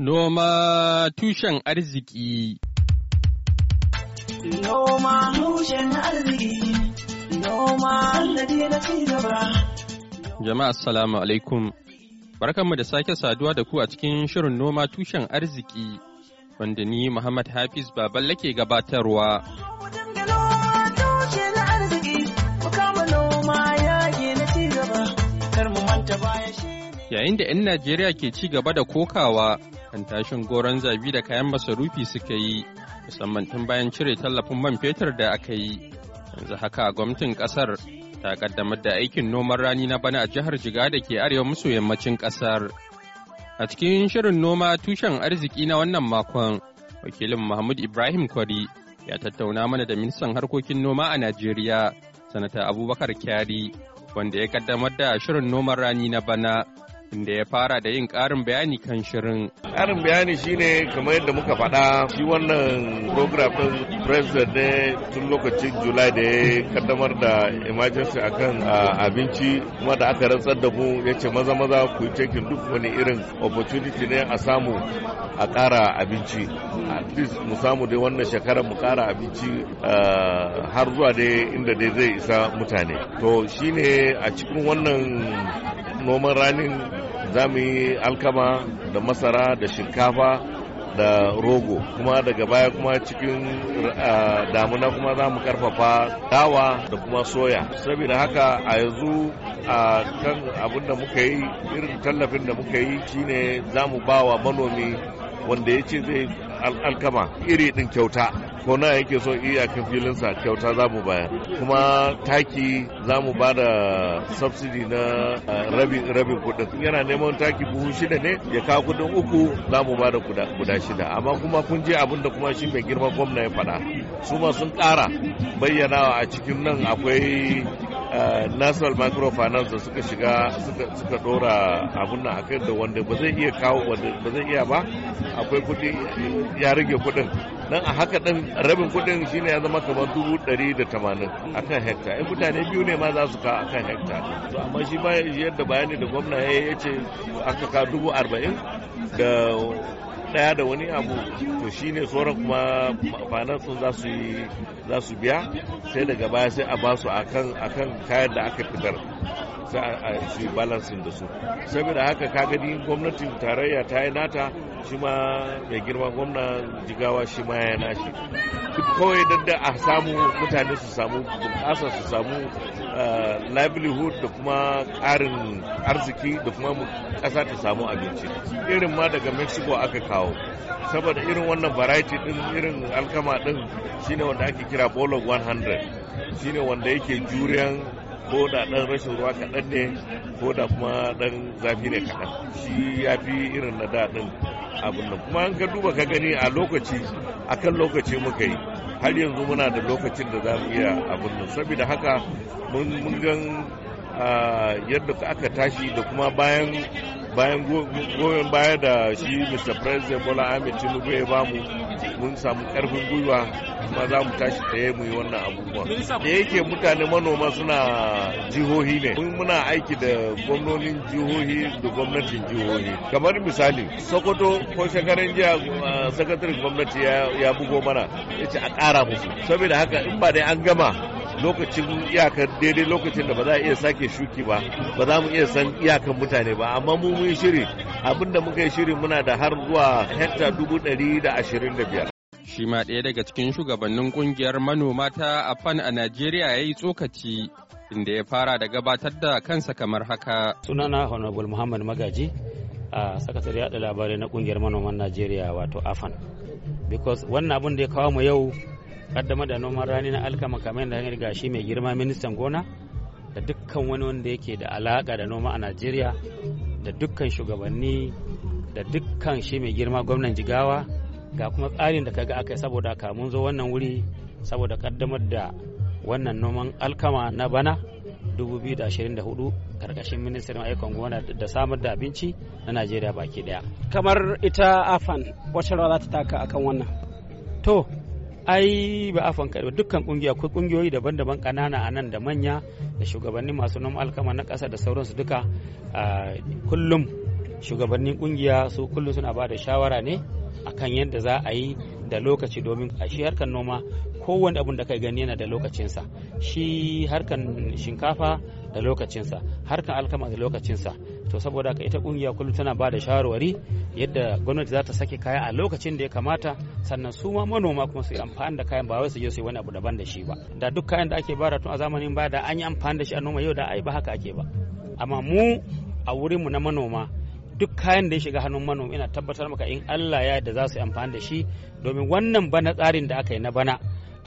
Noma tushen arziki Jama'a assalamu alaikum Barkanmu da sake saduwa da ku a cikin shirin noma tushen arziki wanda ni Muhammad Hafiz Baballe ke gabatarwa. Yayin da 'yan Najeriya ke ci gaba da kokawa kan tashin goron zabi da kayan masarufi suka yi musamman tun bayan cire tallafin man fetur da aka yi yanzu haka gwamnatin kasar ta kaddamar da aikin noman rani na bana a jihar jiga da ke arewa maso yammacin kasar a cikin shirin noma tushen arziki na wannan makon wakilin mahmud ibrahim kwari ya tattauna mana da ministan harkokin noma a najeriya sanata abubakar kyari wanda ya kaddamar da shirin noman rani na bana inda ya fara da yin ƙarin bayani kan shirin. Ƙarin bayani shine kamar yadda muka faɗa shi wannan program ɗin president ne tun lokacin July da ya kaddamar da emergency akan abinci kuma da aka rantsar da mu ya ce maza maza ku yi cikin duk wani irin opportunity ne a samu a ƙara abinci. At least mu samu dai wannan shekarar mu ƙara abinci har zuwa dai inda dai zai isa mutane. To shine a cikin wannan noman ranin za mu yi alkama da masara da shinkafa da rogo kuma daga baya kuma cikin damuna kuma za mu karfafa dawa da kuma soya saboda haka a yanzu a kan abin da muka yi irin tallafin da muka yi shine za mu ba wa manomi wanda ya ce zai alkama iri din kyauta ko na yake so iyakan sa kyauta za mu bayar kuma taki za mu ba da subsidy na rabin kudin yana neman taki buhu shida ne ya kawo kudin uku za mu ba da guda shida amma kuma kun je abin da kuma shi mai girma gwamna ya faɗa su ma sun ƙara bayyanawa a cikin nan akwai Eh, national microfinance da suka shiga suka dora abun nan akai da wanda ba zai iya kawo wanda ba zai iya ba akwai kudi ya rage kudin dan a haka dan rabin kudin shine ya zama kamar dubu dari da tamanin akan hekta ai mutane biyu ne ma za su ka akan hekta to amma shi ba yadda bayani da gwamna ya ce aka ka dubu arba'in da ɗaya da wani abu to shine sauran kuma finance za su za su biya sai daga baya sai a ba su akan akan kayan da aka fitar sai a su yi balancing da su saboda haka kaga gani gwamnatin tarayya ta yi nata shi ma mai girma gwamna jigawa shi ma ya nashi duk kawai da a samu mutane su samu bunƙasa su samu eh, livelihood da kuma ƙarin arziki da kuma kasa ta samu abinci irin ma daga mexico aka kawo saboda irin wannan variety din irin alkama din shine wanda ake kira bolog 100 shine wanda yake juriyan ko da ɗan rashin ruwa kaɗan ne ko da kuma ɗan zafi ne kaɗan shi ya fi irin na daɗin abin nan kuma an ka duba ka gani a lokaci akan lokaci muka yi har yanzu muna da lokacin da za mu iya abin nan saboda haka mun gan yadda aka tashi da kuma bayan bayan goyon baya da shi mr president bola ahmed tinubu ya bamu mun samu karfin gwiwa ma za mu tashi tsaye mu yi wannan abubuwa da yake mutane manoma suna jihohi ne mun muna aiki da gwamnonin jihohi da gwamnatin jihohi kamar misali sokoto ko shekarun jiya uh, sakataren gwamnati ya bugo mana ya ce a kara musu saboda haka in ba dai an gama lokacin iyakar daidai lokacin da ba za a iya sake shuki ba ba za mu iya san iyakar mutane ba amma mu mun shiri abinda muka yi shiri muna da har zuwa hekta dubu ɗari da ashirin da biyar shi ma ɗaya daga cikin shugabannin ƙungiyar manoma ta afan a najeriya ya yi tsokaci inda ya fara da gabatar da kansa kamar haka sunana honorable muhammad magaji a sakatare yada labarai na ƙungiyar manoman najeriya wato afan because wannan abun da ya kawo mu yau kaddama da noman rani na alkama kamar da hanyar gashi mai girma ministan gona da dukkan wani wanda yake da alaka da noma a najeriya da dukkan shugabanni da dukkan shi mai girma gwamnan jigawa ga kuma tsarin da kaga aka yi saboda ka mun zo wannan wuri saboda kaddamar da wannan noman alkama na bana 2024 karkashin ministan ayyukan gona da samar da abinci na najeriya baki daya kamar ita afan wacce rawa za ta taka akan wannan to ai ba afan kaɗai dukkan kungiya akwai kungiyoyi daban-daban kanana a nan da manya da shugabannin masu noman alkama na kasa da sauransu duka ah, kullum shugabannin kungiya su kullum suna ba da shawara ne akan yadda za a yi da lokaci domin a shi harkar noma kowane abun da kai gani yana da lokacinsa shi harkar shinkafa da lokacinsa harkar alkama da lokacinsa to saboda ka ita kungiya kullum tana ba da shawarwari yadda gwamnati za ta sake kaya a lokacin da ya kamata sannan su ma manoma kuma su yi amfani da kayan ba wai su je su yi wani abu daban da shi ba da duk kayan da ake bara tun a zamanin baya da an yi amfani da shi a noma yau da ai ba haka ake ba amma mu a wurin mu na manoma duk kayan da ya shiga hannun manomi ina tabbatar maka in Allah ya da za su amfani da shi domin wannan bana tsarin da aka yi na bana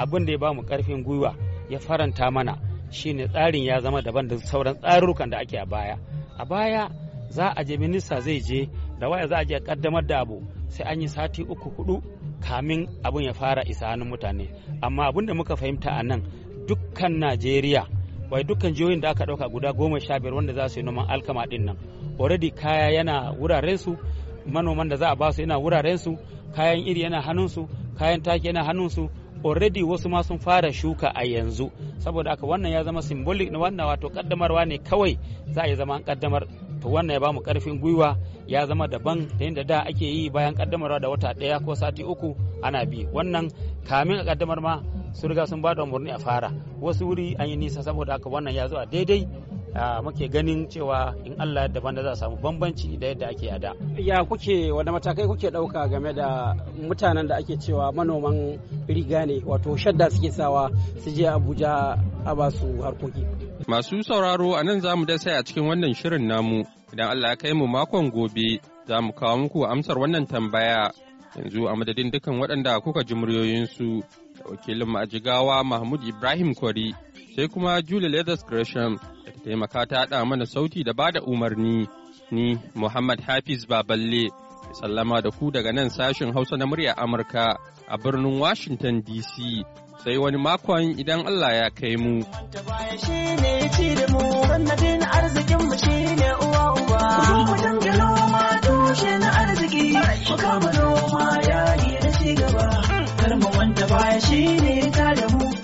abin da ya ba mu karfin gwiwa ya faranta mana shine tsarin ya zama daban da sauran tsarurrukan da ake a baya a baya za a je minista zai je da waya za a je kaddamar da abu sai an yi sati uku hudu kamin abun ya fara isa hannun mutane amma abin da muka fahimta a nan dukkan najeriya wai dukkan jihohin da aka dauka guda goma sha biyar wanda za su yi noman alkama din nan already kaya yana wuraren su manoman da za a ba su yana wuraren su kayan iri yana hannun su kayan taki yana hannun su already wasu ma sun fara shuka a yanzu saboda aka wannan ya zama symbolic na wannan wato kaddamarwa ne kawai za a yi zama an kaddamar to wannan ya bamu karfin gwiwa ya zama daban da yadda da ake yi bayan kaddamarwa da wata ɗaya ko sati uku ana bi wannan kamin a kaddamar ma sun riga sun bada umarni a fara wasu wuri an yi nisa saboda haka wannan ya zo a daidai muke ganin cewa in Allah yadda banda za a samu bambanci da yadda ake yada. Ya kuke wani matakai kuke ɗauka game da mutanen da ake cewa manoman riga ne wato shadda suke sawa su je Abuja a basu harkoki. Masu sauraro a nan zamu mu dasa a cikin wannan shirin namu idan Allah ya kai mu makon gobe zamu kawo muku amsar wannan tambaya yanzu a madadin dukan waɗanda kuka ji muryoyinsu da wakilin Jigawa Mahmud Ibrahim Kwari sai kuma Julie Leathers Gresham da taimaka ta haɗa mana sauti da ba da umarni ni Muhammad Hafiz Baballe sallama da ku daga nan sashen Hausa na murya Amurka a birnin Washington DC sai wani makon idan Allah ya kai mu. Mu kama noma yayi na ci gaba. kar mu wanda baya ne ta da mu